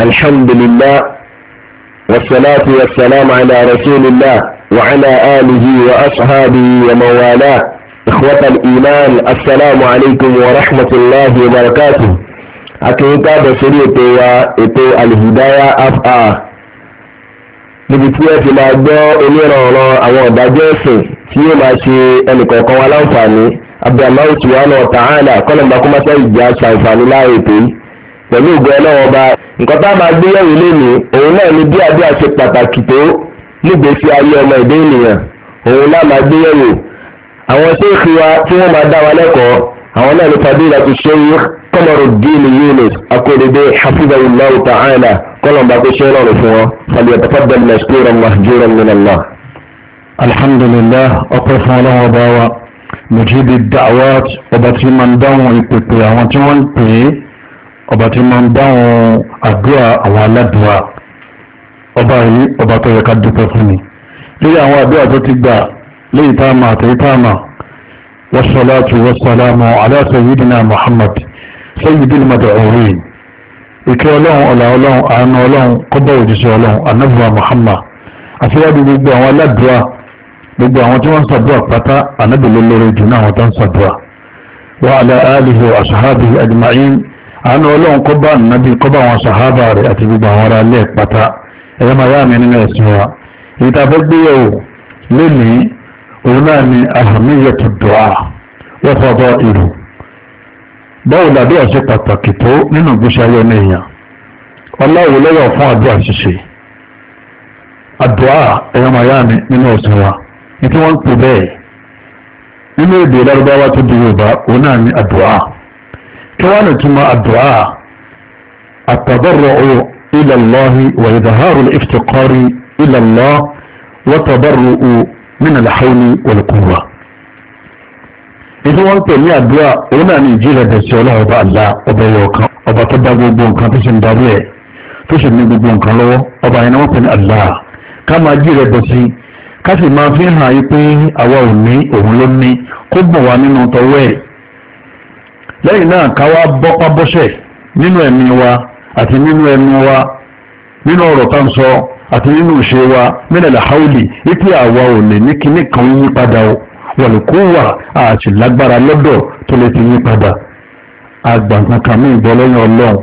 الحمد لله والصلاة والسلام على رسول الله وعلى آله وأصحابه ومن إخوة الإيمان السلام عليكم ورحمة الله وبركاته أكيد بسري إتوا إتوا الهداية أفعى níbi tí ẹ ti máa gbọ́ onírànran àwọn ìdájọ́ ẹ̀sìn tí yóò máa ṣe ẹnìkọ̀ọ̀kan wa láǹfààní abdulhamid subhanahu wa ta'ala kọ́lọ̀mbà kọ́mọ́sá ìjà ṣàǹfààní láàyè tó pẹ̀lú ògo ọlọ́wọ́n ba nǹkan tá a máa gbé yẹ̀wò lónìí òun náà ni bí àdúrà ṣe pàtàkì tó nígbèésí ayé ọmọ ìdá ènìyàn òun náà máa gbé yẹ̀wò àwọn ṣéèkì wa tí wọ́n máa dá wa lẹ́kọ̀ọ́ àwọn náà ni fadila ti ṣe yí Qamaruddin Yunus akóredé hafizahullahu ta'ala kọlọmba tó ṣe lọrùn fún wọn falyatafaddal mashkuran mahjuran ọba tí máa ń dáhùn àdúrà àwọn aládùúrà ọba yìí ọba tó yẹ ká dúpẹ́ fún ni lórí àwọn àdúrà tó ti gbà léyìí táàmà àtẹ̀yí táàmà wasalaatu wasalaamu ala sayyidina muhammad sayyidil mad'uwin ìkẹ́ ọlọ́run ọ̀là ọlọ́run àánú ọlọ́run kọ́bọ̀ òjíṣẹ́ ọlọ́run anábùwà muhammad àṣíwájú gbogbo àwọn aládùúrà gbogbo àwọn tí wọ́n ń ṣàdúrà pátá anábìlélórí jù náà àwọn tó ń ṣàdúrà alihi wa ashabihi ajma'in àánú ọlọ́run kó bá nàbí kó bá àwọn sàhábà rẹ̀ àti gbogbo àwọn ará ilé pátá ẹ̀yẹ́ máa yá mi nínú ẹ̀sìn wa èyí tá a fẹ́ gbé yẹ̀wò lónìí òun náà ni ahamiyatu du'a wa fadailu báwo làbí àṣẹ pàtàkì tó nínú ìgbésí ayé ọmọ èèyàn ọláwo lọ́wọ́ fún àdúrà ṣíṣe àdúrà ẹ̀yọ́ máa yá mi nínú ẹ̀sìn wa ní tí wọ́n ń pè bẹ́ẹ̀ nínú èdè lárúbáwá tó di yorùbá òun náà ni àdúrà kí wọ́n lè túmọ̀ àdúrà àtàbọ̀rọ̀ إلى الله وإظهار الافتقار إلى الله وتبرؤ من الحول والقوة ìdí wọn pè ní àdúrà òun náà ní ìjìnlẹ̀ bẹ̀sẹ̀ ọlọ́run ọba àlá ọba ẹ̀yọ̀kan ọba tó dá gbogbo nǹkan tó ṣe ń darí ẹ̀ tó ṣe ní gbogbo nǹkan lọ́wọ́ ọba yẹn ni wọ́n pè ní àlá ká máa jìnlẹ̀ bẹ̀sẹ̀ ká sì máa fi hàn yí pé àwa ò ní òun ló ní kó bọ̀ wá nínú tọwọ́ ẹ̀ lẹ́yìn náà ká wá bọ́pá bọ́sẹ̀ nínú ẹ̀mí wa àti nínú ẹnu wa nínú ọ̀rọ̀ tá ń sọ àti nínú ìṣe wa mílẹ̀lẹ̀ haúlì wípé àwa ò lè ní kinní kan yí padà o wọ̀lùkúwà àti lágbára lọ́dọ̀ tó lè ti yí padà àgbàǹkan kan mí ìbọn lẹ́yìn ọlọ́run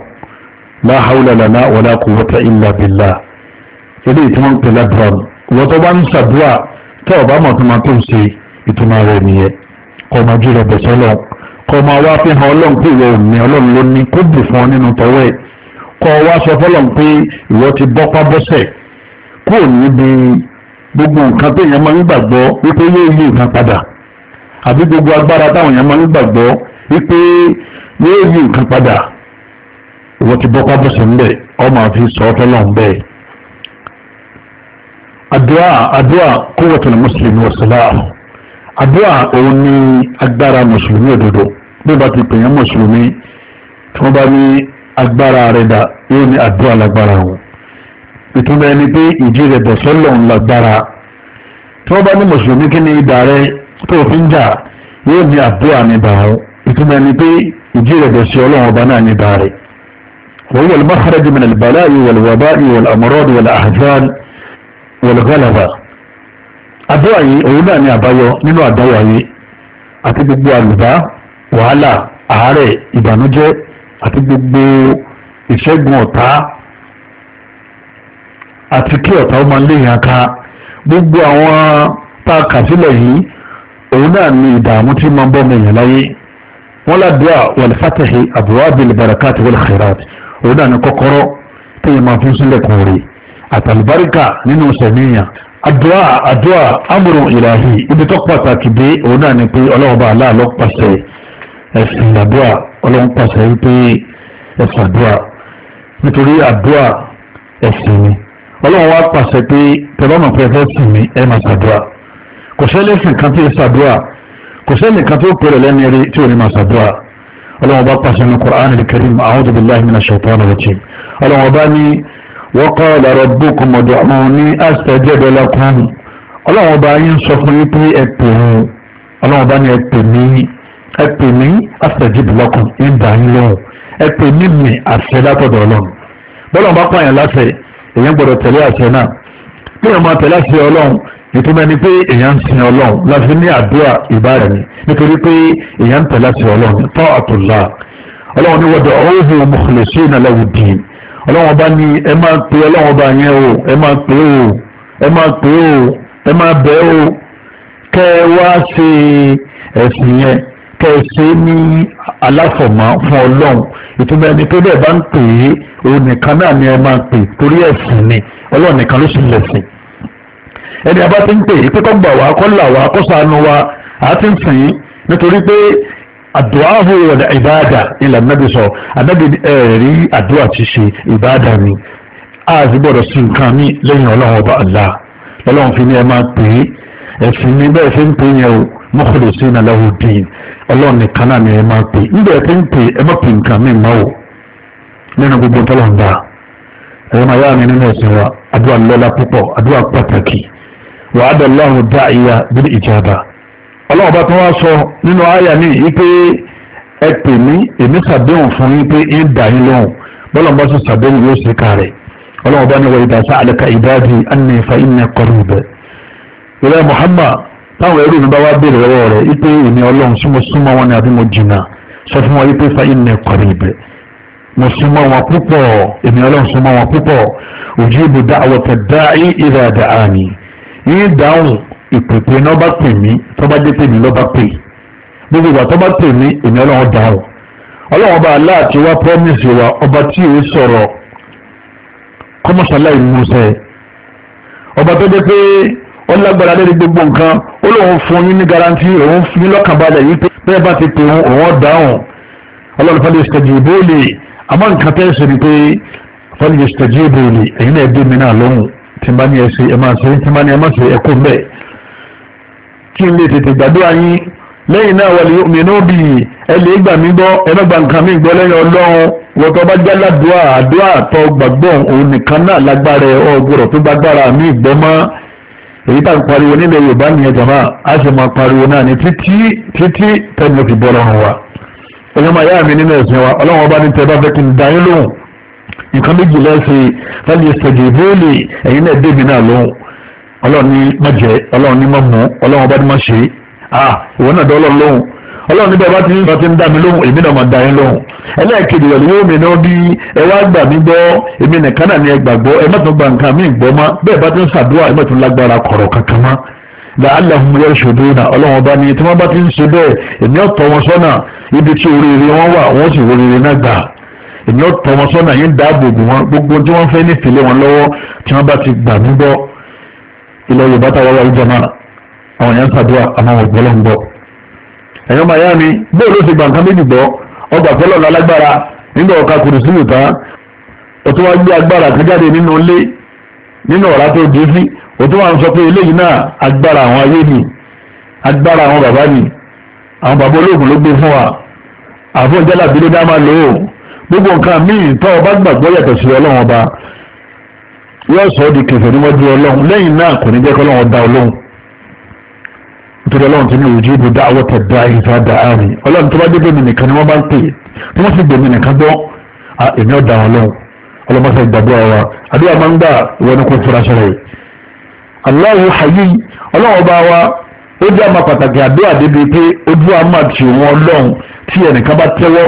la haúlà lànà wala quwwata illa billah eléyìí tí wọ́n ń pè lábúrọ̀n wọ́n bá ń ṣàdúrà tẹ́ ọ̀bá mọ̀ ń ṣe ìtumọ̀ rẹ̀ nìyẹn kọ́ ọmọ jù rẹ̀ bẹ̀sẹ̀ lọ́wọ́ kọ́ máa wá fi hàn ọlọ́run pé ìwọ òní ọlọ́run ló ní kó bù fún ọ nínú tọwọ́ ẹ̀ kọ́ wá sọ fọlọ́run pé ìwọ ti bọ́pá bọ́sẹ̀ kúrò níbi gbogbo nǹkan tó yẹn máa ń gbàgbọ́ wípé yóò yí nǹkan padà àbí gbogbo agbára táwọn yẹn máa ń gbàgbọ́ wípé yóò yí nǹkan padà ìwọ ti bọ́pá bọ́sẹ̀ ńbẹ̀ ọ máa fi sọ fọlọ́run bẹ́ẹ̀. àdúrà àdúrà kúwọ̀tún mùsùlùmí wọ̀sùlá àdúrà òun ni agbára mùsùlùmí òdodo bí bá ti pèyàn mùsùlùmí tí wọ́n bá ní agbára rẹ̀ dà yóò ní àdúrà lágbára wọn ìtumọ̀ ẹni pé ìjì rẹ̀ bọ̀ sọ́lọ̀ ń lágbára tí wọ́n bá ní mùsùlùmí kí ni ìdà rẹ̀ tó fi ń jà yóò ní àdúrà ní ìdà wọn ìtumọ̀ ẹni pé ìjì rẹ̀ bọ̀ sí ọlọ́run ọba náà ní ìdà wọ́n yẹ lọ́mọ́ xarajì mi nàlẹ́ yìí wọ̀lẹ̀ wàbá yìí wọ̀lẹ̀ àmọ́rọ́dì wọ̀lẹ̀ wọ̀lẹ̀ gọ́làbà wàhálà àárẹ̀ ìbànújẹ́ àti gbogbo ìṣẹ́gun ọ̀tá àti kí ọ̀tá ó máa léèyàn ká gbogbo àwọn tá a sílẹ̀ yìí òun náà ni ìdààmú tí máa ń bọ́ ọmọ èèyàn láyé wọ́n ládùúà wàlfàtàhì àbúwábìl bàràkàtì wàlxẹ̀ràt òun náà ni kọ́kọ́rọ́ téèyàn máa fún sílẹ̀kùn rè àtàlùbáríkà nínú sẹ̀míyàn àdúà àdúà amúrùn ìlàhì ibi tó pàtàkì dé òun náà ni pé ọlọ́wọ́ bá aláàlọ́ pàṣẹ ẹ̀sìn ìdàdúà ọlọ́run pàṣẹ wípé ẹ̀sìn àdúà nítorí àdúà ẹ̀sìn ni ọlọ́run wá pàṣẹ pé tẹ̀lọ́nà pé ẹ̀fẹ́ sìn mí ẹ̀ máa ṣàdúà kò sẹ́lẹ̀sìn kan tí ẹ̀ ṣàdúà kò sẹ́nìkan tó pèrè lẹ́ni rí tí ò ní máa ṣàdúrà ọlọ́wọ́n bá pàṣẹ ní Qur'an al-Karim a'udhu billahi minash shaitanir rajim ọlọ́wọ́n bá ní wa qala rabbukum ud'uni astajib lakum ọlọ́wọ́n bá yín sọ fún yín pé ẹ pè mí ọlọ́wọ́n bá ní ẹ pè mí ẹ pè mí àṣẹjìbìlọ́kùn ìgbà yín lọ́hùn ẹ pè mí mi àṣẹ látọ̀dọ̀ ọlọ́run bọ́lá wọn bá pààyàn láṣẹ èèyàn gbọ́dọ̀ tẹ̀lé àṣẹ náà bí èèyàn máa tẹ̀lé àṣẹ ọlọ́run ìtumọ̀ ẹni pé èèyàn ń sin ọlọ́run láti ní àdúrà ìbára ni nítorí pé èèyàn ń tẹ̀lé àṣẹ ọlọ́run tọ́ àtúlá ọlọ́run ní wọ́dọ̀ ọ̀hún mùsùlùmí lẹ́wọ̀dìn ọlọ́run bá ní ẹ máa pe ọlọ́run bá yẹn o ẹ máa pe o ẹ máa pe o ẹ máa bẹ̀ o kẹ́ ẹ wá ṣe ẹ̀sìn yẹn kẹsẹ̀ ní aláfọ̀mọ́ fún ọlọ́run ìtumọ̀ ẹni tó dẹ̀ bá ń pè é òun náà ni ẹ máa pè torí ẹ̀sìn ni ọlọ́run nìkan ló sì lẹ̀sìn ẹni a bá ti ń pè é pé kó gbà wá kó là wá kó ṣàánú wa à á ti ń sìn nítorí pé àdúrà hó wọlé ìbáàdà ilẹ̀ nàbì sọ ànábì ẹ̀rí àdúrà ti ṣe ìbáàdà ni a sì gbọ́dọ̀ sí nǹkan ní lẹ́yìn ọlọ́run ọba Allah ọlọ́run fi ní ẹ ọlọ́run nìkan náà ni ẹ máa pè níbi ẹ ti ń pè ẹ má pè nǹkan mí máa wò nínú gbogbo tọ́lọ̀ ń dá ẹ̀yọ́ máa yára mi nínú ẹ̀sìn wa àdúrà lọ́lá púpọ̀ àdúrà pàtàkì wà á dọ̀láhùn dá ìyá bíi ìjàmbá ọlọ́run bá tún wá sọ nínú àyà mi yìí pé ẹ pè mí èmi sàdéhùn fún yín pé ń dà yín lóhùn bọ́lọ̀n bá sì sàdéhùn yóò ṣe kárẹ̀ ọlọ́run bá ní wọ ìdásá àlẹ́ka ìdájì ànìfà táwọn ẹrú mi bá wá béèrè lọ́wọ́ rẹ̀ wípé èmi ọlọ́run súnmọ́ súnmọ́ wọn ni àbí mo jìnnà sọ fún wọn wípé fáyín ní ẹ̀kọ́ rẹ̀ ibẹ̀ mo súnmọ́ wọn púpọ̀ èmi ọlọ́run súnmọ́ wọn púpọ̀ òjì ìbò dá àwọ̀tẹ̀ dá ìrẹ̀ àdá àmì yín dáhùn ìpèpè náà bá pè mí tó bá dé pè mí lọ́ pè gbogbo ìgbà tó bá pè mí èmi ọlọ́run dáhùn ọlọ́run ọba aláàtí wá promise wa ọba tí ì ọba tó dé pé ó lágbára lórí gbogbo nǹkan ó lóun fún yín ní garanti òun fún yín lọ́kànbalẹ̀ yìí pé bẹ́ẹ̀ bá ti pè òun òun dáhùn ọlọ́run fẹ́lẹ́ ṣètẹ̀jì bóòlì àmọ́ nǹkan tẹ́ ṣe ni pé fẹ́lẹ́ ṣètẹ̀jì bóòlì èyí náà dé mi náà lóhùn tí n bá ní ẹsẹ̀ ẹ máa ṣe tí n bá ní ẹ máa ṣe ẹ kó mbẹ́ kí n lè tètè gbàdúrà yín lẹ́yìn náà wọlé mi náà bì ẹ lè gbà mí gbọ́ ẹ má gba nǹkan mi gbọ́ lẹ́yìn ọlọ́run wọ́tọ́ bá jálá dùá àdúrà tó gbàgbọ́ òun nìkan náà lágbára ẹ̀ ọ̀gbọ̀rọ̀ tó gbàgbára mi gbọ́ mọ́ èyí tá à ń pariwo nílẹ̀ yorùbá nìyẹn jama a sì máa pariwo náà ní títí títí tẹ́lẹ̀ fi bọ́ lọ́rùn wa ọjọ́ máa yá mi nínú ẹ̀sìn wa ọlọ́run ọba ní tẹ́ bá fẹ́ kí n dá yín lóhùn nǹkan méjì lẹ́sìn láti ṣèjì ìbéèlè ẹ̀yin náà débi náà lóhùn ọlọ́run ní má jẹ́ ọlọ́run ní má mú ọlọ́run ọba ní má ṣe ah ìwọ náà dọ́ ọlọ́run lóhùn ọlọ́run níbẹ̀ bá ti ń sọ ti ń dá mi lóhùn èmi náà máa dá yín lóhùn ẹlẹ́ẹ̀kejì rẹ̀ lówó mi náà bí ẹ wá gbà mí gbọ́ èmi nìkan náà ni ẹ gbàgbọ́ ẹ má tún gba nǹkan mí gbọ́ mọ́ bẹ́ẹ̀ bá ti ń ṣàdúrà ẹ má tún lágbára kọ̀rọ̀ kankan mọ́ làálàhùn yẹ ṣòdúnà ọlọ́run ọba ni tí wọ́n bá ti ń ṣe bẹ́ẹ̀ èmi ó tọ́ wọn sọ́nà ibi tí oríire wọn wà wọ́n sì oríire náà gbà èmi ó tọ́ wọn sọ́nà yín dáàbòbò wọn gbogbo tí wọ́n fẹ́ ní ìfìlẹ̀ wọn lọ́wọ́ tí wọ́n bá ti gbà mí gbọ́ ilẹ̀ yorùbá táwọn wà lójọ́ náà àwọn yẹn ń ṣàdúrà àmọ́ wọn gbọ́ lọ́n gbọ́ ẹ̀yọ́ máa yá mi bóò ló ti gbà nǹkan méjì gbọ́ ọgbà fọlọ́ lálágbára nígbà ọ̀ka kùrù sí ìta ó tún wá gbé agbára kan jáde nínú ilé nínú ọ̀rá tó dé sí ó tún wá ń sọ pé eléyìí náà agbára àwọn ayé ni agbára àwọn bàbá ni àwọn bàbá olóògùn ló gbé fún wa àfọ̀ ìjálàbí ló dá máa lò ó gbogbo nǹkan míì tó o gbàgbọ́ yàtọ̀ sí ọlọ́run ọba yóò sọ ọ́ di kẹfẹ́ níwájú ọlọ́run lẹ́yìn náà kò ní jẹ́ kọ́ ọlọ́run ọba ọlọ́run nítorí ọlọ́run ti ní òjì ibù dá àwọ̀ tẹ̀ dá ìfà dá àárín ọlọ́run tó bá dé bẹ́ẹ̀ nìkan ni wọ́n bá ń pè tí wọ́n sì gbèmí nìkan gbọ́ èmi ọ̀dà wọn lọ́wọ́ ọlọ́mọṣẹ́ ìgbàgbọ́ wa àdúrà máa ń gbà wọn kó fura ṣẹlẹ̀ Allahu hayy ọlọ́run bá wa ó jẹ́ àmà pàtàkì àdúrà débi pé ojú àmà tì wọn ọlọ́run tí ẹnìkan bá tẹ́wọ́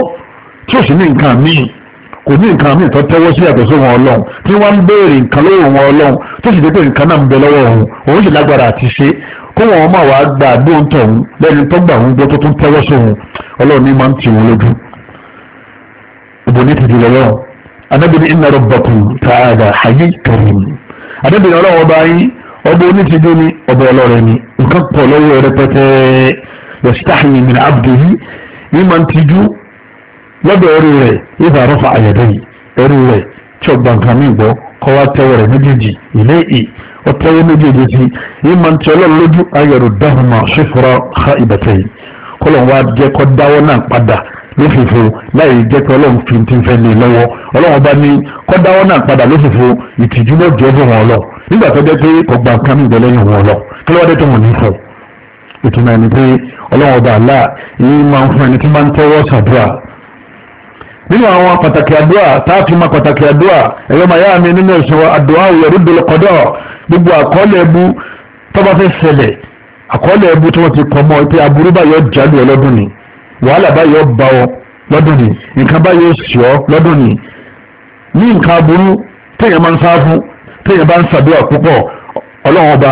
kò ní nǹkan míì tó tẹ́wọ́ sí àtọ̀ sí ọlọ́run tí wọ́n ń béèrè nǹkan lọ́wọ́ ọlọ́run tó sì dé pé nǹkan náà ń bẹ lọ́wọ́ òun òun sì lágbára àti ṣe kóhùn ọmọ wa gba àdúrà ń tọ̀hún lẹ́ni tó gbà ń gbọ́ tó tún tẹ́wọ́ sóhun ọlọ́run ní máa ń tì wọ́n lójú ìbò ní tìjú lọ́wọ́ anábì ní inna rabbakum ta'ala hayy karim anábì ní ọlọ́wọ́ bá yín ọba onítìjú ni ọba ọlọ́rẹ̀ ni nǹkan pọ̀ lọ́wọ́ rẹpẹtẹ yastahyi min abdihi ní máa ń tìjú lọ́dọ̀ ẹrú rẹ̀ idha rafa'a yadayhi ẹrú rẹ̀ tí ọgbà ọtẹwé méjèèjì sí yìí máa ń tẹ ọlọ́run lójú ayọ̀rọ̀ dáhùnmá ṣèfura ha ìbẹ̀tẹ̀ yìí kọ́lọ̀ wá jẹ́ kọ́ dáwọ́ náà padà lófìfo láì jẹ́ pé ọlọ́run fi ti fẹ́ ní lọ́wọ́ ọlọ́run bá ní kọ́ dáwọ́ náà padà lófìfo ìtìjú náà jẹ́ fún wọn lọ nígbà tó jẹ́ pé ọgbà kan níbẹ̀ lẹ́yìn wọn lọ kí ló wá dé tó wọn ní fọ ìtumọ̀ ẹni pé ọlọ́run ọba àlá yìí máa ń fún ẹni tí máa ń tẹ́wọ́ sàdúrà nínú àwọn pàtàkì àdúrà táàfin máa pàtàkì àdúrà ẹ̀yọ́ màyá mi nínú ìṣòro àdúrà òyẹ̀rú dòlọ́kọ́dọ̀ gbogbo àkọọ́lẹ̀ ẹbú tó bá fẹ́ ṣẹlẹ̀ àkọọ́lẹ̀ ẹbú tí wọ́n ti kọ́ mọ́ pé aburú báyọ̀ jálù ẹ lọ́dún ni wàhálà báyọ̀ bá ọ lọ́dún ni nǹkan báyọ̀ sì ọ lọ́dún ni ní nǹkan aburú téèyàn máa ń sá fún téèyàn bá ń ṣàdúrà púpọ̀ ọlọ́run ọba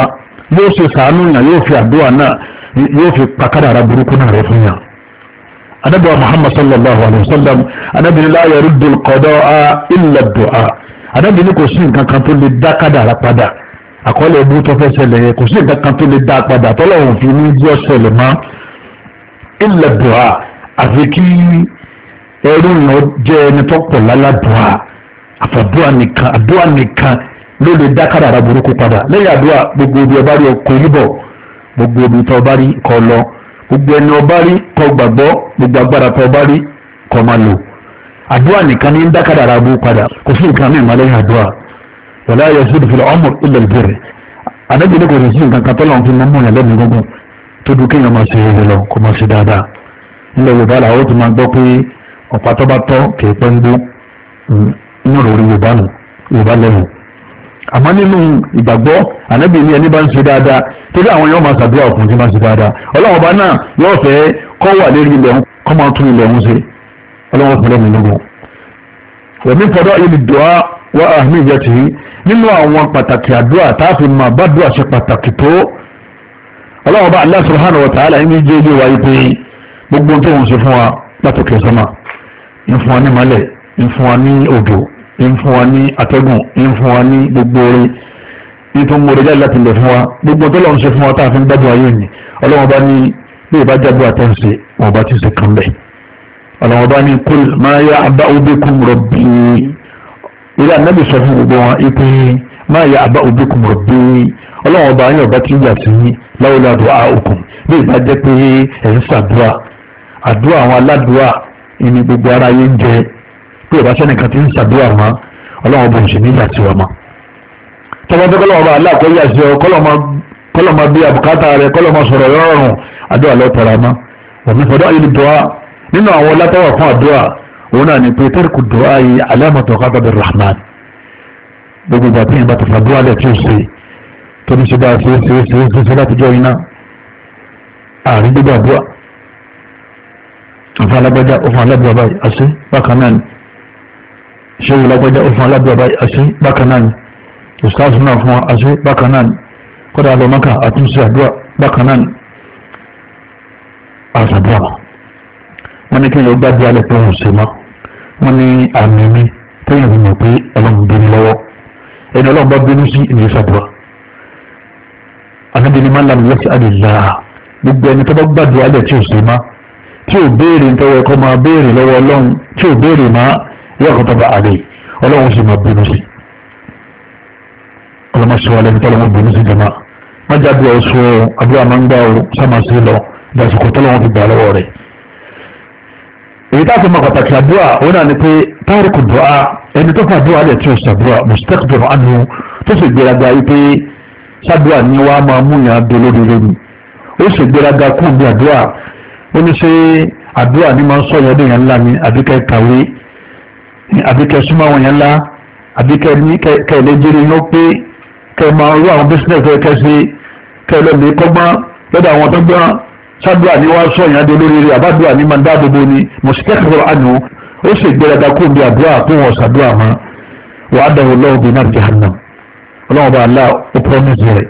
yóò ṣe sàánú yàn yóò fi àdúrà náà yóò fi pàkàdà ara burúkú náà rẹ fún yàn anabi muhammad sallallahu alaihi wasallam anabi ni la yaruddu alqada'a illa ad-du'a anabi ni kò sí nǹkan kan tó lè dá kádàrá padà àkọọ́lẹ̀ ebú tó fẹ́ ṣẹlẹ̀ yẹn kò sí nǹkan kan tó lè dá padà tọ́lọ́run fi ní bí ọ̀ṣẹlẹ̀ mọ́ ilẹ̀ dùhà àfi kí ẹrú yẹn jẹ́ ẹni tó pọ̀ lálàdùhà àfàdùhà nìkan àdùhà nìkan ló lè dá kádàrà burúkú padà lẹ́yìn àdùhà gbogbo ibi ọba rí ọkọ̀ yìí bọ̀ gbogbo ibi tó ọba rí kọ lọ gbogbo ẹni ọba rí kọ gbàgbọ́ gbogbo agbára tó ọba rí kọ máa lò àdùhà nìkan ní dá kádàrà burúkú padà kò sí nǹkan mìíràn lẹ́yìn àdùhà wàlá yazidu fil umr illa al-birr ànábì ní kò sí nǹkan kan tó lọ́n fi mọ́ mọ́yàn lẹ́nu gbogbo tó dùn kéèyàn máa ṣe eré lọ kó máa ṣe dáadáa nílẹ̀ yorùbá làwọn ó ti máa gbọ́ pé ọ̀pá tó bá tọ́ kì í pẹ́ ń gbó inú òròrí yorùbá nù yorùbá lẹ́nu àmọ́ nínú ìgbàgbọ́ ànábì ní ẹni bá ń ṣe dáadáa torí àwọn yóò máa ṣàdúrà ọkùnrin tí máa ṣe dáadáa ọlọ́run ọba náà yóò fẹ́ kọ́ wà lérí ilẹ̀ ń kọ́ nínú àwọn pàtàkì àdúrà táàfin máa bá dùn àṣẹ pàtàkì tó ọlọ́run bá Allah subhanahu wa ta'ala ní jẹ́ ilé wa pé gbogbo tó ń ṣe fún wa látòkè sọ́mà ń fún wa ní malẹ̀ ń fún wa ní odò ń fún wa ní atẹ́gùn ń fún wa ní gbogbo orin nítorí mo jáde láti lè fún wa gbogbo tó lọ́run ṣe fún wa táàfin bá dùn ayé ọlọ́run bá ní bí ìbá jágbó àtẹ̀sí wọn bá ti ṣe kan bẹ́ẹ̀ ọlọ́run bá ní kul ma ya'ba'u bikum rabbi ìrẹ́ ànábì sọ fún gbogbo wọn ipe máa yẹ àbá òbí kùn rọ̀ pé ọlọ́run ọba yín ọba tí ń yà sí láwùlọ́ àdúrà òkun bí ìgbà jẹ́ pé ẹ̀yin ṣàdúrà àdúrà àwọn aládùúrà ìní gbogbo ara yín ń jẹ pé ìbá sẹ́nìkan ti ń ṣàdúrà mọ́ ọlọ́run ọba òṣèlú yà sí wa mọ́. tọ́wọ́ tó kọ́lọ́mọba aláàkọ́ yà sí ọ kọ́lọ́mọ bí àbùkátà rẹ kọ́lọ́mọ sọ̀rọ̀ rọrùn àdúrà lọ́tara òun náà ni pé tẹ́rìkù dùá yìí alámọ̀tò ghadabi rahman gbogbo ìgbà tí yẹn bá ti fà dùá lẹ̀ tí ó ṣe tó ní ṣe bá ṣe ṣe ṣe ṣe ṣe látijọ́ iná àrí gbígbà dùá òfin alágbájá òfin alábùwà báyìí àṣẹ bákan náà ni ṣé òun alágbájá òfin alábùwà báyìí àṣẹ bákan náà ni ìṣáàṣì náà fún wa àṣẹ bákan náà ni kódà alọ́mọ́kà àtúnṣe àdúrà bákan náà ni àṣàdúrà wọn ní kí ni ó gbàdúrà wọ́n ní àmì mi tẹ́yìn mi mọ̀ pé ọlọ́run bínú lọ́wọ́ ẹni ọlọ́run bá bínú sí ìlú ìsàdúrà ànábi ni máa ń lànà lọ́sí àdìlá gbogbo ẹni tó bá gbàdúrà lẹ̀ tí ò sí má tí ò béèrè nítorí ẹ̀kọ́ máa béèrè lọ́wọ́ ọlọ́run tí ò béèrè má yẹ ọ̀kan tó bá àlè ọlọ́run sì máa bínú sí ọlọ́mọṣẹ́wà lẹ́ni tó lọ́wọ́ bínú sí jama má jáde ọ̀ṣọ́ àdúrà máa ń gbà lọ ìdásùkò tó ti gbà lọ́wọ́ rẹ̀ èyí tá a fi mọ pàtàkì àdúrà òun náà ni pé táàríkù dùá ẹni tó fà dùá lè tí o ṣàdúrà mùsítẹ́kì dùrọ̀ àánú tó sì gbéraga yìí pé ṣàdúrà ni wàá máa mú yàn dé lórí lórí ó sì gbéraga kú bí àdúrà ó ní ṣe àdúrà ni máa ń sọ yọdún yẹn ńlá ni àbíkẹ́ kàwé àbíkẹ́ súnmọ́ àwọn yẹn ńlá àbíkẹ́ ní kẹ́lẹ́ jírí yóò pé kẹ́ máa rú àwọn bísíǹnẹ̀sì kẹ́ sí kẹ́lẹ́ lè kọ́gbọ́n lọ́dọ̀ sádùá ni wàá sọ ìyàndé lórí rẹ àbádùá ni máa ń dáàbò bo ni mùsùlùmí àánú ó sì gbéraga kó bí àdúrà kó wọn sàdúrà mọ́ wàá dàwọn lọ́wọ́ bíi náà jahannam ọlọ́wọ́ bá Allah ó promise rẹ̀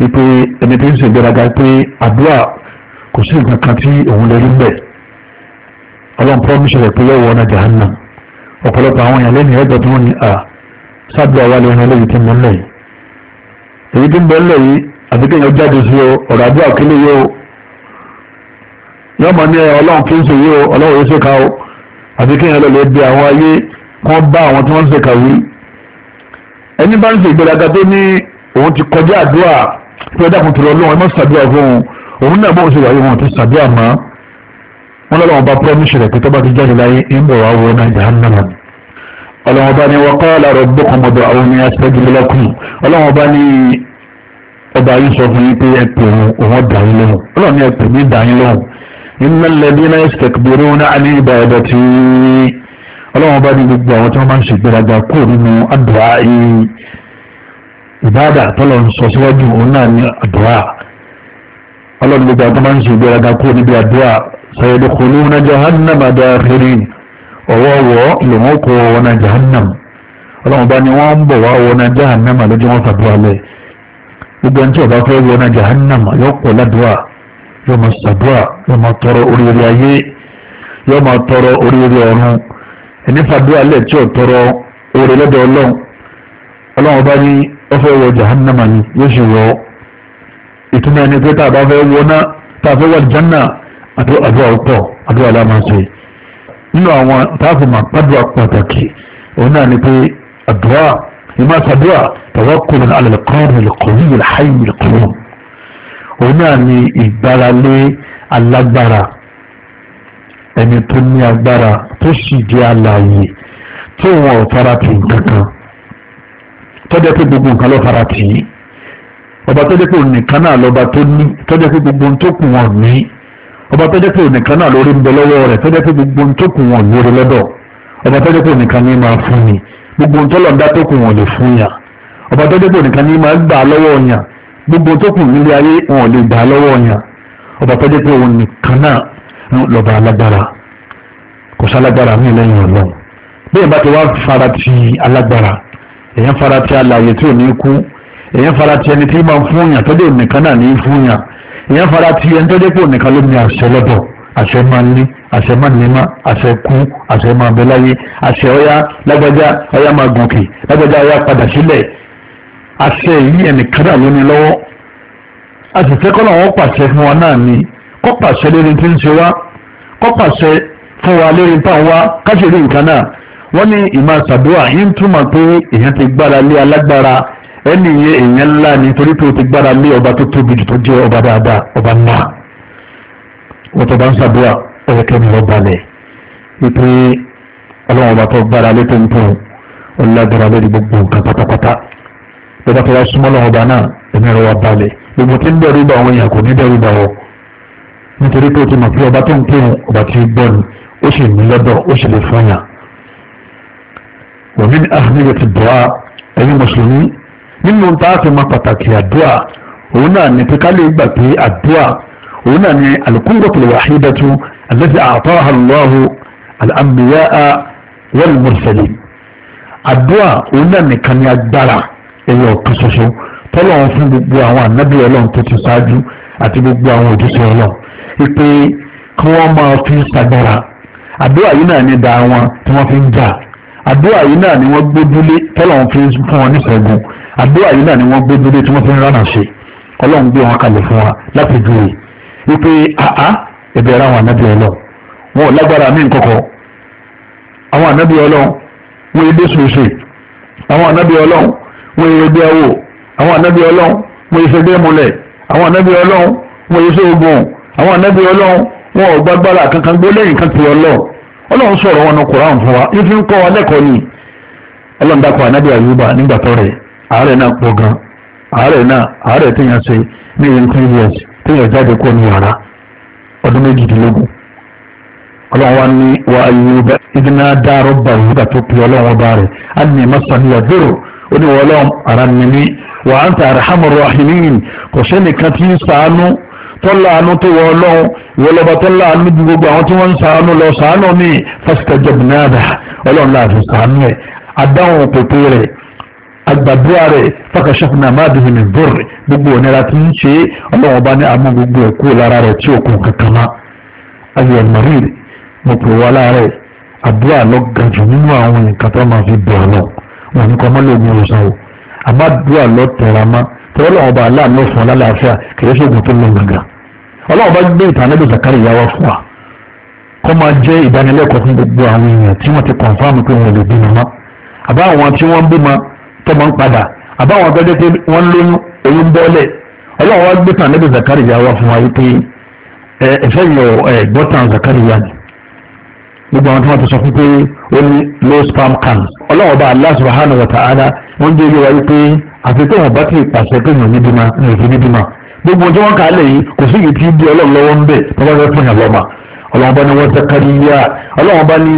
wípé ẹni tó ń sì gbéraga pé àdúrà kò sí nǹkan kan tí òun lè rí bẹ́ẹ̀ ọlọ́wọ́ promise rẹ̀ pé yóò wọ́n náà jahannam ọ̀pọ̀lọpọ̀ àwọn èèyàn lẹ́nu ẹgbẹ́ tí wọ́n ní à sádùá wà lẹ́nu eléyìí tí mo lẹ́yìn èyí tí mo lẹ́yìn àbíkẹ́yìn ó jáde sí ọ ọ̀rọ̀ àdúrà kílẹ̀ yóò yọ mọ̀ ní ọlọ́run kí n ṣe yí o ọlọ́run yóò ṣèkà o àti kí èèyàn lọ́lẹ̀ bí àwọn ayé kan bá àwọn tí wọ́n ń ṣèkà wí. ẹni bá ń ṣe ìgbéraga tó ní òun ti kọjá àdúrà tí wọ́n dàkùn tòrọ lóhun ẹ má ṣàdúrà fún òun òun náà bóun ṣe wáyé wọn ti ṣàdúrà mọ́ wọn lọ́wọ́ bá promise rẹ̀ pé tó ti jáde láyé ń bọ̀ wá wọ náà jahannama ọlọ́wọ́ bá ní wa qala rabbukum ud'uni astajib lakum ọlọ́wọ́ bá ní ọba yìí sọ fún yín pé ẹ pè òun òun dà yín lóhùn ọlọ́wọ́ ní ẹ pè mí dà yín lóhùn innal ladina yastakbiruna an ibadati ọlọ́wọ́n bá ní gbogbo àwọn tí wọ́n máa ń ṣègbéraga kó nínú àdúrà ìbáàdà tọ́lọ̀ ń sọ síwájú òun náà ní àdúrà ọlọ́run gbogbo àwọn tó máa ń ṣègbéraga kó níbi àdúrà sayadkhuluna jahannama dakhirin ọ̀wọ́ọ̀wọ́ lòun kó wọnà jahannam ọlọ́run bá ní wọ́n ń bọ̀ wá wọn fàdúrà yóò máa ṣàdúrà yóò máa tọrọ oríire ayé yóò máa tọrọ oríire ọ̀run ẹni fàdúrà lẹ̀ tí ò tọrọ oore lọ́dọ̀ ọlọ́run ọlọ́run bá ní ó fẹ́ wọ jahannama ni yóò sì wọ ìtumọ̀ ẹni pé tá a bá fẹ́ wọ náà tá a fẹ́ wọ janna àdúrà ọ̀pọ̀ àdúrà lámàṣe nínú àwọn táàfùmà pàdúrà pàtàkì òun náà ni pé àdúrà ìmọ̀ àtàdúrà tawakkul ala al-qadir al-qawi al-hayy òun náà ni ìgbáralé alágbára ẹni tó ní agbára tó sì jẹ́ alààyè tí wọn ò fara tì nǹkan kan tọ́jà pé gbogbo nǹkan ló fara tì í ọba tọ́jà pé òun nìkan náà lọ́ba tó ní tọ́jà pé gbogbo ohun tó kù wọn ní ọba tọ́jà pé nìkan náà lórí ń bẹ lọ́wọ́ rẹ̀ tọ́jà pé gbogbo tó kù wọn lórí lọ́dọ̀ ọba tọ́jà pé nìkan ní máa fún ni gbogbo tó lọ́ọ́ dá tó kù wọn lè fún yàn ọba tọ́jà pé nìkan ní máa gbà lọ́wọ́ yàn gbogbo tó kù nílé ayé wọn ò lè gbà lọ́wọ́ yẹn ọba tó jẹ́ pé òun nìkan náà lọ́ba alágbára kò sálágbára ní lẹ́yìn ọlọ́run bí ìbá ti wá fara ti alágbára èèyàn fara ti alààyè tí ò ní kú èèyàn fara ti ẹni tí máa ń fún yàn tó nìkan náà ní fún yàn èèyàn fara ti ẹni tó dé pò ló ní àṣẹ lọ́dọ̀ àṣẹ máa ní àṣẹ máa nímá àṣẹ kú àṣẹ máa bẹ láyé àṣẹ ọyá lágbájá ọyá máa gòkè lágbájá ọyá padà sílẹ̀ àṣẹ yìí ẹnìkan dà lónìí lọ́wọ́ a sì fẹ́ kọ́lọ́ wọn pàṣẹ fún wa náà ni kọ́ pàṣẹ lórí tí ń ṣe wá kọ́ pàṣẹ fún wa lórí tá wá káṣíìrí nǹkan náà wọ́n ní ìmọ̀ àṣàdúrà yìí ń túmọ̀ pé èèyàn ti gbára lé alágbára ẹni yẹ èèyàn ńlá ni torí pé o ti gbára lé ọba tó tóbi jù tó jẹ́ ọba dáadáa ọba náà wọ́n tó bá ń ṣàdúrà ọ̀yẹ́kẹ́ mi lọ balẹ̀ wípé ọlọ́run bàbá tó wá súnmọ́ lọ́wọ́ ọba náà ẹ̀mí rẹ̀ wá balẹ̀ gbogbo tí ń dẹ̀rù bá àwọn èèyàn kò ní dẹ̀rù bá wọ nítorí pé o ti mọ̀ pé ọba tó ń kírun ọba tí gbọ́ ni ó sì ní lọ́dọ̀ ó sì lè fún yàn. wọ́n ní ahmed ti dùn á ẹ̀yin mùsùlùmí nínú tá a fi mọ pàtàkì àdúrà òun náà ní pẹ́kálẹ̀ gbà pé àdúrà òun náà ní al-qurratul wahidatu àdúrà òun náà nìkan ní agbára ẹyọ ọ̀kan ṣoṣo tọ́lọ́run fún gbogbo àwọn ànábì ọlọ́run tó ti ṣáájú àti gbogbo àwọn òjíṣẹ́ ọlọ́run wípé kí wọ́n máa fi ṣàgbára àdúrà yìí náà ní da wọn tí wọ́n fi ń jà àdúrà yìí náà ni wọ́n gbójúlé tọ́lọ́run fi fún wọn níṣẹ́gun àdúrà yìí náà ni wọ́n gbójúlé tí wọ́n fi ń rànà ṣe ọlọ́run gbé wọn kalẹ̀ fún wa láti dúró wípé àá ẹ̀bẹ̀ ara àwọn ànábì ọlọ́run wọn ò lágbára mí nkọ̀kọ̀ àwọn ànábì ọlọ́run wọn èdè sòṣè àwọn ànábì ọlọ́run wọ́n yẹ ẹgbẹ́ awo àwọn ànábì ọlọ́run wọ́n yẹ awọn múlẹ̀ àwọn ànábì ọlọ́run wọ́n yẹ sóògùn àwọn kankan gbé lẹ́yìn kan ti ọlọ́run ọlọ́run sọ̀rọ̀ wọn ní fún wa ife ń kọ́ wa lẹ́kọ̀ọ́ ni ọlọ́run dákọ̀ ànábì àyùbá nígbà tó rẹ̀ àárẹ̀ náà pọ̀ gan àárẹ̀ náà àárẹ̀ ní ten years jáde kó ní yàrá ọdún méjìdínlógún ọlọ́run wa dá rọ́bà tó ọlọ́run oníwọlọ́m aranimi wà á ń ta arahamur rahimin kò sẹ́nìkan tí ń sàánú tọ́lá àánú tó wọ ọlọ́run ìwọlọ́ba tọ́lá àánú ju gbogbo àwọn tí wọ́n ń sàánú lọ sàánú mi fastajabna lahu ọlọ́run láàfin sàánú ẹ̀ adáhùn òpópó rẹ̀ agbàdúrà rẹ̀ fakashafna má bihi min durr gbogbo ònira tí ń ṣe ọlọ́run bá ní àmọ́ gbogbo ẹ̀kú lára rẹ̀ tí òkun kankan má ayọ̀ mọ̀rírì mo pè wá lára rẹ̀ àdúrà lọ́gàjù nínú àwọn nǹkan tó máa fi bẹ̀ ọlọ́run wọn ní kọ́ mọ́lógún ìwòsàn o àbádùá lọ tẹ̀ra mọ́ tẹ́wọ́ lọ́wọ́ bá aláàánú fún ọlálàáfíà kìí ṣoògùn tó lọ gàgà ọlọ́wọ́ bá gbé ìtàn Ànábì Zakariya wá fún wa kọ́ máa jẹ́ ìdánilẹ́kọ̀ọ́ fún gbogbo àwọn èèyàn tí wọ́n ti kọ̀nfàmù pé wọn ò lè bímọ mọ́ àbá àwọn tí wọ́n ń bímọ tó máa ń padà àbá àwọn tó jẹ́ pé wọ́n lóyún oyún ń bọ́lẹ̀ ọlọ́wọ́ wá gbé ìtàn Ànábì Zakariya wá fún wa yìí pé ẹ̀fẹ́ yọ ẹ̀gbọ́tàn Zakariya ni gbogbo àwọn tí wọ́n ti sọ fún pé ó ní low sperm count ọlọ́run ọba Allah subhanahu wa ta'ala wọ́n jẹ́ ilé wa yìí pé àfikún ọ̀bá ti pàṣẹ pé yàn ní bímọ yàn ní bímọ gbogbo ọjọ́ wọn kàálẹ̀ yìí kò sí ìyè tí ń di ọlọ́run lọ́wọ́ ń bẹ̀ bàbá rẹ fún yàn lọ́mà ọlọ́run ọba ni wọ́n Zakariya ọlọ́run ọba ni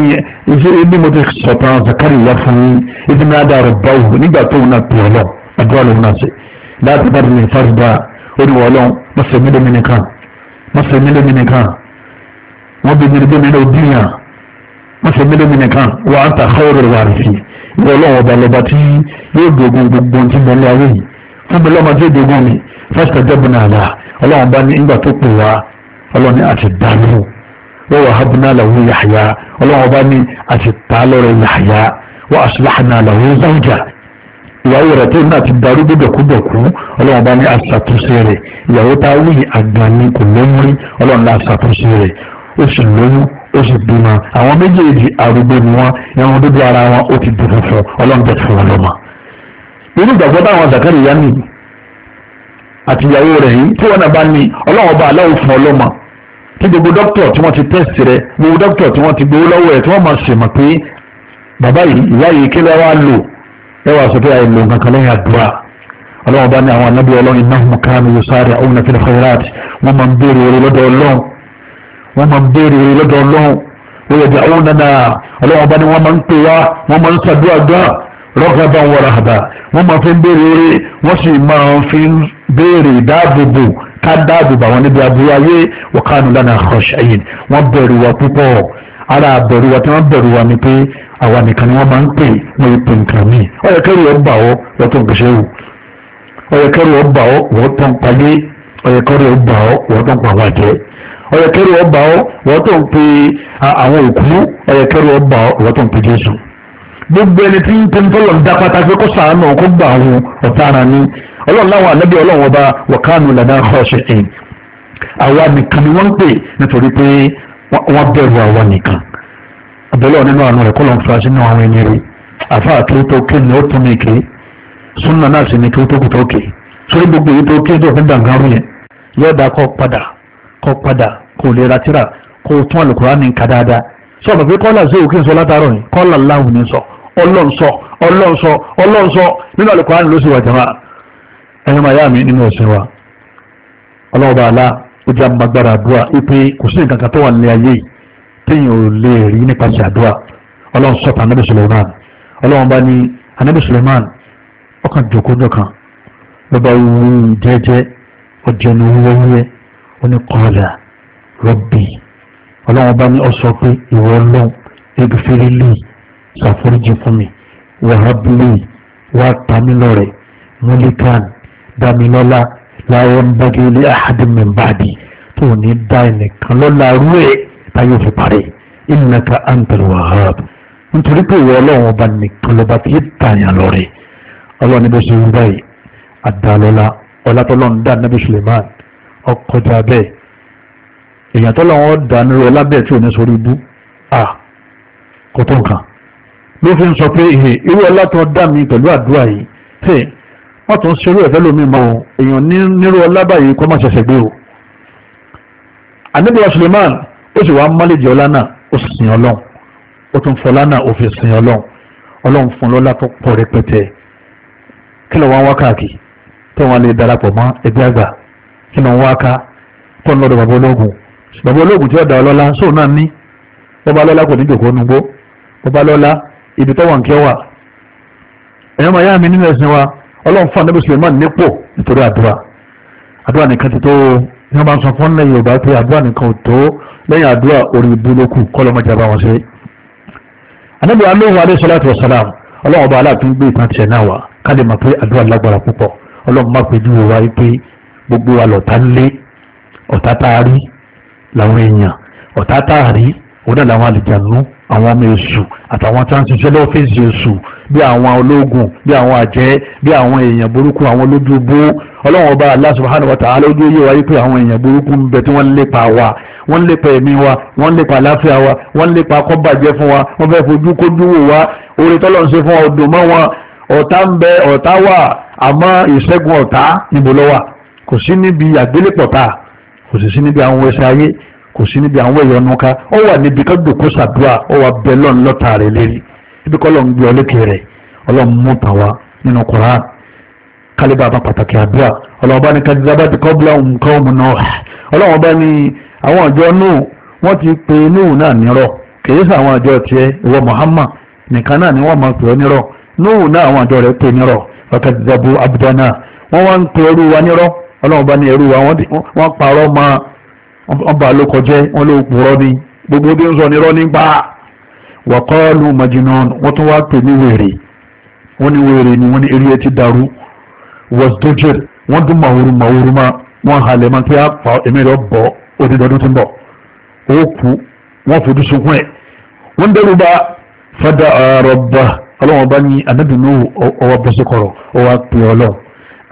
iṣẹ́ ibi mo ti sọ̀tàn Zakariya fún yín ibi mi adá rẹ̀ báwò nígbà tó ń pè ọlọ́ àdúrà lòun mi fásitì ó wọ́n ṣe mílíọ̀nù nìkan wà á ta xeyọ̀rọ̀ wà rẹ̀ sí ìwọ ọlọ́wọ́ ọba lọ́ba tí yóò dogun gbogbo tí mọ́lẹ́ ayé yìí fún mi lọ́mọ tí yóò dogun mi fásitì jẹ́bùnà àlà ọlọ́wọ́n bá ní ìgbà tó pè wá ọlọ́ni àti dàlú wọ́n wà hábùnà àlàwé yàhya ọlọ́wọ́n bá ní àti tààlọ́rẹ̀ yàhya wọ́n àṣùláhànà àlàwé záwùjà ìyàwó rẹ̀ tó náà ti darí gbẹ̀dọ̀kúdọ̀kú ọlọ́run bá ní àṣàtúnṣe rẹ̀ ìyàwó tá a wí àgbà ni kò lóyún ọlọ́run náà àṣàtúnṣe rẹ̀ ó sì lóyún ó sì bímọ àwọn méjèèjì arúgbó ni wọn ẹran dúdú ara wọn ó ti di funfun ọlọ́run jẹ́ fún wọn lọ́mọ. nínú ìgbàgbọ́ táwọn Zakariya ní àti ìyàwó rẹ̀ yìí tí wọ́n náà bá ní ọlọ́run ọba aláwọ̀ fún ọlọ́mọ tí gbogbo dókítà tí wọ́n ti tẹ́sì rẹ̀ gbogbo dókítà tí wọ́n ti gbowó lọ́wọ́ ẹ̀ tí wọ́n máa ṣèmọ̀ pé bàbá yìí ìyá yìí kí lẹ́wà lò ẹwà sọ pé àìlò kankan lẹ́yìn àdúrà ọlọ́run ọba ní àwọn anábìyà ọlọ́run innahum kanu yusari'una fil khairat wọ́n máa ń béèrè orí lọ́dọ̀ ọlọ́run wọ́n máa ń béèrè lọ́dọ̀ ọlọ́run wọ́n yẹ̀dẹ̀ àwọn nana ọlọ́run ọba ni wọ́n máa ń pè wá wọ́n máa ń ṣàdúrà gan rọ́gàbà wọ̀rà àbà wọ́n máa fi ń béèrè wọ́n sì máa fi ń béèrè dáàbòbò ká dáàbòbò àwọn níbi àbúrò ayé wọ́kànù lánàá khashayin wọ́n bẹ̀rù wa púpọ̀ ara àbẹ̀rù wa tí wọ́n bẹ̀rù wa ni pé àwa nìkan ni wọ́n máa ń pè wọ́n yìí pè nǹkan míì ọ̀yẹ̀kẹ́rù ọ̀bà ọ̀ wọ́n tó ń kẹsẹ́ wù ọ̀bà ọ̀ wọ́n tó ń palẹ́ àjẹ́ ọ̀yẹ̀kẹ́rù ọba ọ wọ́n tó ń pe àwọn òkú ọ̀yẹ̀kẹ́rù ọba ọ wọ́n tó ń pe Jésù gbogbo ẹni tí ń pe ntọ́lọ̀ ń dá pátá pé kó sàánù kó gbà àwọn ọ̀tá ara ní ọlọ́run láwọn ànábì ọlọ́run ọba wọ̀kánù lànà ọ̀ṣẹ̀ṣẹ̀ àwa nìkan ni wọ́n ń pè nítorí pé wọ́n bẹ̀rù àwa nìkan abẹ́lẹ́ nínú àánú rẹ̀ kó lọ́n fura sínú àwọn ẹni rẹ̀ àfa àkéwòtó kéènì ó tún ní ké náà sì ní kéwòtó kùtó ké sórí gbogbo èyí tó kéèdè ọ̀fẹ́ dàngárù yẹn yóò dákọ̀ padà kó padà kó lè ra tíra kó tún alukurani ka dáadáa sọ ma pé kọ́là zéwò kí n sọ látàárọ̀ yìí kọ́là láwùn ní sọ ọlọ́nsọ ọlọ́nsọ ọlọ́nsọ nínú alukurani ló sì wà jama ẹni máa yá mi nínú ẹ̀sìn wa ọlọ́ọ̀bà àlá ó jẹ́ amagbára àdúrà ipe kò sí nǹkan kan tó wà nílé ayé yìí téèyàn ò lè rí nípasẹ̀ àdúrà ọlọ́run sọ̀tà anábì suleiman ọlọ́run bá ní anábì suleiman ọkàn jòkó jọ̀kan ló bá wú jẹ́jẹ́ ọ̀jẹ̀nu wúwẹ́wúwẹ́ ó ní kọ́ọ̀là rọ́bì ọlọ́run bá ní ọ sọ pé ìwọ ọlọ́run ẹgbẹ́fẹ́rẹ́ lè ṣàforíjì fún mi wàhábìlì wà tàmílọ́rẹ̀ múlíkàn dámilọ́lá láwọn bàgẹ́ ilé àhàdìmẹ̀bàdì tó ní dá ẹnìkan lọ́la rú ẹ̀ táyọ̀ fi parí ìnàkà antal wahab nítorí pé ìwọ ọlọ́run ọba nìkan lọ́ba tí yé tààyàn lọ́rẹ̀ ọlọ́run níbo ṣe ń báyìí àdàlọ́lá ọlátọ́lọ́run dá nàbí Suleiman ọkọjà bẹ́ẹ̀ èèyàn tó lọ́wọ́ dànù rẹ̀ lábẹ́ tí ò ní sórí ibú à kò tó nǹkan ló fi ń sọ pé ìhè irú ọlá tó dá mi pẹ̀lú àdúrà yìí ṣe wọ́n tún ṣerú ẹ̀fẹ́ lómi mọ́ o èèyàn nírú ọlá báyìí kọ́ má ṣẹ̀ṣẹ̀ gbé o ànábì wa ó sì wá málèjì ọlá náà ó sì sìn ọlọ́run ó tún fọlá náà ó fi sìn ọlọ́run ọlọ́run fún lọ́lá tó pọ̀ rẹpẹtẹ kí ló wá káàkiri tó wọn lè darapọ̀ mọ́ ẹgbẹ́ àgbà kí ló ń wá ká tó ń lọ́dọ̀ bàbá ológun bàbá ológun tí ó da ọlọ́lá sóun náà ní bàbá lọ́lá kò ní jòkó nugbó bàbá lọ́lá ibi tọ́wọ̀ nkẹ́ wà ẹ̀yọ́ màá yá mi nínú ẹ̀sìn wa ọlọ́run fún anábì Suleiman nípò nítorí àdúrà àdúrà nìkan ti tó yọ́n bá ń sọ fún lẹ́yìn yorùbá pé àdúrà nìkan ò tó lẹ́yìn àdúrà orí ibú ló kù kọ́ wọn ṣe. anábì alóhùn alayhi salatu wa salam ọlọ́run ọba aláàtúngbé ìtàn tiẹ̀ náà wà ká lè mọ̀ pé àdúrà lágbára púpọ̀ wa wípé gbogbo wa lọ̀tá lé ọ̀tá tá a rí làwọn èèyàn ọ̀tá tá a rí òun náà làwọn àlìjànú àwọn ọmọ èṣù àtàwọn tí wọ́n ti ṣiṣẹ́ lọ́fíìsì èṣù bí àwọn ológun bí àwọn àjẹ́ bí àwọn èèyàn burúkú àwọn olójúbó ọlọ́run ọba Allah subhanahu wa ta'ala lójú yé wa wípé àwọn èèyàn burúkú ń bẹ tí wọ́n ń lépa wa wọ́n ń lépa ẹ̀mí wa wọ́n ń lépa àláfíà wa wọ́n lépa kọ́bàjẹ́ fún wa wọ́n fẹ́ fojú kójú wò wa oore tọ́lọ́ ń ṣe fún wa odò mọ́ wọn ọ̀tá ń bẹ ọ̀tá wà àmọ́ ìṣẹ́gun ọ̀tá níbo ló kò sí níbi àgbélépọ̀tà kò sì sí níbi àwọn ẹsẹ̀ ayé kò sí níbi àwọn ẹ̀yọ́ ọ̀nùká ó wà níbi kájọ kó sàdúrà ó wà bẹ́ẹ̀ lọ́n lọ́ta rẹ̀ lérí ibi kọ́ lọ́n gbé ọlẹ́kẹ̀ rẹ̀ ọlọ́run mú tàwa nínú Koran kálíbà bá pàtàkì àdúrà ọlọ́run bá ní kájíjábá ti kọ́bílà nǹkan ọmọ náà ọlọ́run bá ní àwọn àjọ náà wọ́n ti pe Nuhu náà nírọ́ kèyí sí àwọn àjọ tiẹ̀ ìwọ Muhammad nìkan náà ni wọ́n máa pè ọ́ nírọ́ Nuhu náà àwọn àjọ rẹ̀ pè nírọ́ ọ̀kadìjàbù abudana wọ́n wá ń pe orú wa nírọ́ ọlọ́run bá ní ẹrú wa wọ́n parọ́ ma wọ́n bá ló kọjẹ́ wọ́n ló purọ́ ni gbogbo bí ń sọ nírọ́ nípa wàkọ́ọ̀lù majinun wọ́n tún wá pè ní wèrè wọ́n ní wèrè ni wọ́n ní eré ti dàrú wọ́sdójẹ́ wọ́n dún màwúrú màwúrú ma wọ́n halẹ̀ máa kí á pa èmi rẹ̀ bọ̀ ó dọdún tí bọ̀ ó kú wọ́n fojú sunkún ẹ̀ wọ́n dẹ́rù bá fada àrọ̀bà ọlọ́run bá ní anábìnú ọwọ́ bọ́sọ̀kọ̀rọ̀ ọwọ́ pè ọlọ́run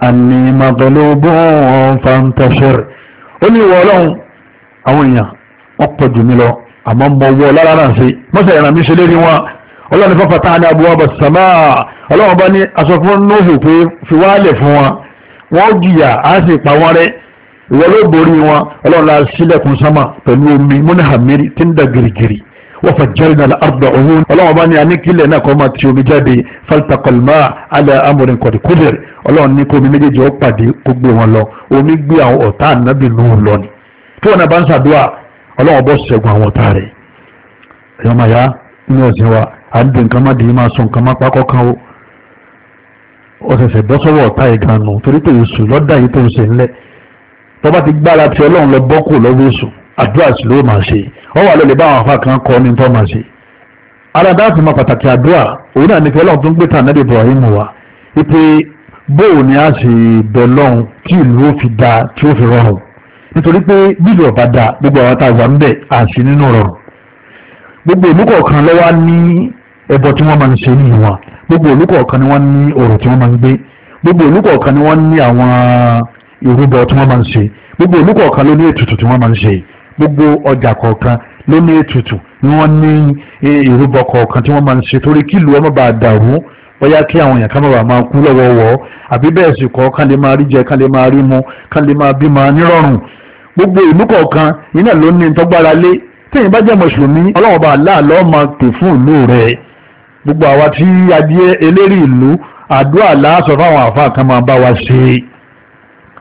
àní magalobon fantashir ó ní ìwọ ọlọ́run àwọn èèyàn wọ́n pọ̀ jù mí lọ àmọ́ mọ owó lára náà sí mọ́sẹ̀ ìrìnà mi ṣe lérí wọn ọlọ́run fọ́fà tá a ní abúwá bọ̀ sàmà ọlọ́run bá ní aṣọ fún nóòfù pé fi wálẹ̀ fún wọn wọ́n jìyà á sì pa wọ́n rẹ́ ìwọ ló borí wọn ọlọ́run la sílẹ̀kùn sámà pẹ̀lú omi múnihàmírí tí ń da gìrìgìrì وفجرنا الأرض عيون ọlọ́run bá ní a ní kílẹ̀ náà kọ́ máa ti omi jáde فالتقى الماء على أمر قد قدر ọlọ́run ní kó omi méjèèjì ó pàdé kó gbé wọn lọ omi gbé àwọn ọ̀tá ànábì nù lọ ni tí wọn bá ń ṣàdúrà ọlọ́run bọ́ ṣẹ́gun àwọn ọ̀tá rẹ̀ ẹ̀yọ́ máa yá ní ọ̀sìn wa à ń di nǹkan má di máa sọ nǹkan má pákọ́ kan o ọ̀sẹ̀sẹ̀ bọ́ sọ́wọ́ ọ̀tá ìgànnù torí pé èṣù lọ́dà yìí tó ń ṣe ńlẹ̀ tọ́ bá ti gbára ti ọlọ́run lọ bọ́kù lọ́wọ́ èṣù àdúrà sí ló máa ṣe wọ́n wà lọ́lẹ̀ bá àwọn afa kan kọ́ ní tọ́mà sí ara dáàfin ma pàtàkì àdúrà òun náà ní fẹ́lọ́n tó ń gbé tà nẹ́bí Ibrahim wa wípé bóò ni a ṣe bẹ̀ lọ́hùn tí ìlú ó fi da tí ó fi rọrùn nítorí pé bílù ọ̀bá da gbogbo àwọn táwọn ń bẹ̀ àṣì nínú rọrùn gbogbo ìlú kọ̀ọ̀kan ló ní ẹbọ tí wọ́n máa ń ṣe ní ìwọ̀n gbogbo ìlú kọ̀ọ̀kan ni wọ́n ní ọ̀rọ̀ tí wọ́n máa ń gbé gbogbo ìlú kọ̀ọ̀kan ni wọ́n ní àwọn ìrúbọ tí wọ́n máa ń ṣe gbogbo ìlú kọ̀ọ̀kan ló ní ètùtù tí wọ́n máa ń ṣe gbogbo ọjà kọ̀ọ̀kan ló ní ètùtù ni wọ́n ní e, ìrúbọ kọ̀ọ̀kan tí wọ́n máa ń ṣe torí kí ìlú ọmọ bá dàrú bóyá kí àwọn èèyàn ká má bàa máa kú lọ́wọ́wọ́ àbí bẹ́ẹ̀ sì kọ́ kán lè máa rí jẹ kán lè máa rí mu kán lè máa bímọ nírọ̀rùn gbogbo ìlú kọ̀ọ̀kan iná ló ní tọ́gbára lé téèyàn bá jẹ́ mùsùlùmí ọlọ́run bá aláà lọ́ọ́ máa pè fún ìlú rẹ̀ gbogbo àwa tí adé eléré ìlú àdúrà láàsọ fáwọn àfa kan máa bá wa ṣe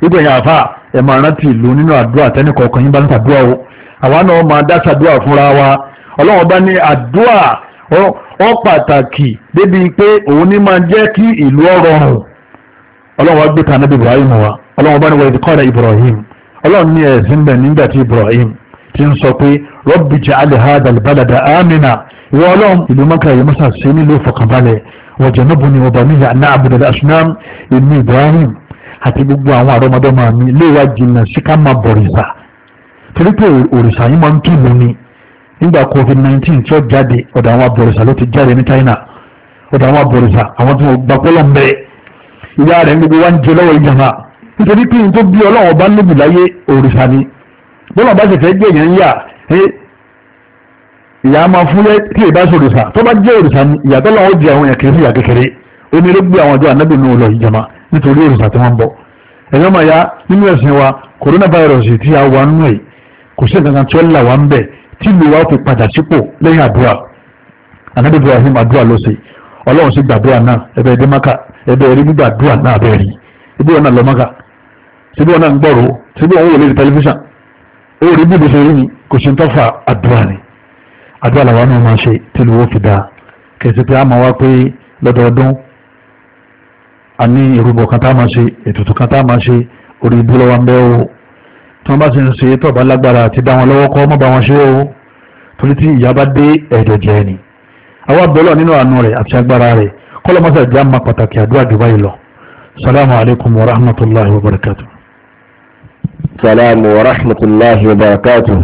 gbogbo èèyàn àfa ẹ máa rántí ìlú nínú àdúrà tẹ́nìkọ̀ọ̀kan yín bá ń tàdúrà o àwa náà máa dá sàdúrà fúnra wa ọlọ́run bá ní àdúrà ó pàtàkì débi pé òun ní máa jẹ́ kí ìlú ọ̀rọ̀rùn ọlọ́run wá gbé ta nábì Ibrahim wa ọlọ́run bá ní wọ́n ti kọ́ ọ̀rẹ́ Ibrahim ọlọ́run ní ẹ̀sìn bẹ̀ nígbà tí Ibrahim ti ń sọ pé Rabbi ja'al hadha al-balada ìwọ ọlọ́run ìlú mọ́kà yìí mọ́sà sí nílùú ìfọkànbalẹ̀ wajannabuni wa baniya an na'buda al-asnam ìlú Ibrahim àti gbogbo àwọn àrọ́mọdọ́mọ mi léwà jìnnà sí ká máa bọ̀rìṣà torí pé òrìṣà yìí máa ń tún mú ni nígbà covid nineteen tí ó jáde ọ̀dọ̀ àwọn abọ̀rìṣà ló ti jáde ní China ọ̀dọ̀ àwọn abọ̀rìṣà àwọn tí wọ́n gbà pọ́lọ̀ ń bẹ̀rẹ̀ ìyá rẹ̀ ń gbogbo wá ń jẹ lọ́wọ́ ìjàmbá nítorí pé n tó bí ọlọ́wọ́ bá níbi láyé òrìṣà ni bọ́lá bá ṣẹ̀fẹ̀ gbé èèyàn yà ìyá máa fún yẹ kí èèyàn bá ṣe òrìṣà tó bá jẹ́ òrìṣà ni ìyàtọ̀ làwọn jẹ àwọn èèyàn kékeré onírúgbìn àwọn ọjọ́ ànábì nù lọ ìjàmbá nítorí òrìṣà tí wọ́n ń bọ̀ ẹ̀yọ́ ya nínú ẹ̀sìn wa corona virus tí a wà nù ẹ̀ kò sí nǹkan kan tí ó là wá ń bẹ̀ tí ìlú wa fi padà sípò lẹ́yìn àdúrà ànábì Ibrahim àdúrà ló ṣe ọlọ́run sì gbàdúrà náà ẹ̀bẹ̀ ẹ̀dẹ́ maka ẹ̀bẹ̀ ẹ̀rí gbígbàdúrà náà bẹ́ẹ̀ rí ibi wọn náà lọ maka síbi wọn náà ń gbọ́rọ̀ síbi wọn wò lórí tẹlifíṣàn ó rí bíbi ṣe rí ni kò sí ń tọ́fà àdúrà ni àdúrà làwọn náà máa ṣe tí ìlú wo fi dáa kẹsì pé a máa wá pé a ní ìrúbọ kan tá a máa ṣe ètùtù kan tá a máa ṣe orí ibú lọ́wọ́ ń bẹ́ o tí wọ́n bá sì ń ṣe tọ́ba lágbára àti bá wọn lọ́wọ́ kọ́ mọ́ bá wọn ṣe o torí tí ìyá bá dé ẹ̀jẹ̀ jẹ́ ni àwa bẹ́lọ̀ nínú àánú rẹ̀ àti agbára rẹ̀ kọ́lọ́mọ́sà jẹ́ àmà pàtàkì àdúrà jù báyìí lọ salamu alaykum wa rahmatulahi wa barakatu. salamu wa rahmatulahi wa barakatu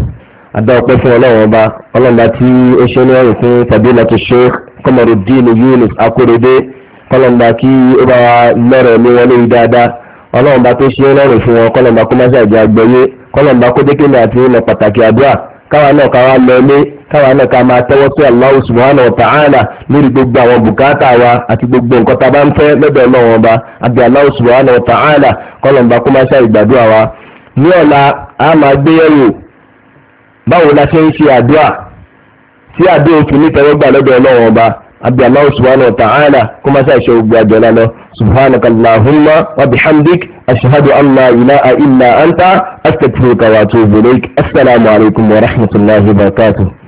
adáwọ̀pẹ́ fún ọlọ́run ọba ọlọ́run bá tí ó ṣe ní ọ̀rùn fún fadilatu sheikh Qamaruddin Yunus Akorede kọlọmba kí ó bá lọ́rọ̀ ní wọn lórí dáadáa ọlọ́mba tó ṣe lọ́rùn fún wọn kọlọmba kó má ṣàjẹ́ àgbẹ̀yé kọlọmba kó dékèmí àti ìlọ pàtàkì àdúrà káwa náà ká wá lọ káwa náà ká máa tẹ́wọ́ sí Allahu subhanahu wa ta'ala lórí gbogbo àwọn bùkátà wa àti gbogbo nǹkan tá a bá ń fẹ́ lọ́dọ̀ ọlọ́wọ́n ba àbí Allahu subhanahu wa ta'ala kọlọmba kó má ṣàìgbàdúrà wa ní ọ̀la a máa gbéyẹ̀wò báwo la ṣe ń ṣe àdúrà tí àdúrà òfin nítẹ̀wọ́gbà lọ́dọ̀ ọlọ́wọ́n ba àbí Allah subhanahu wa ta'ala kó má sáà ṣe ogun àjọlá lọ subhanaka allahumma wa bihamdik ashhadu an la ilaha illa anta astaghfiruka wa atubu ilaik assalamu alaikum wa rahmatullahi wa barakatuh.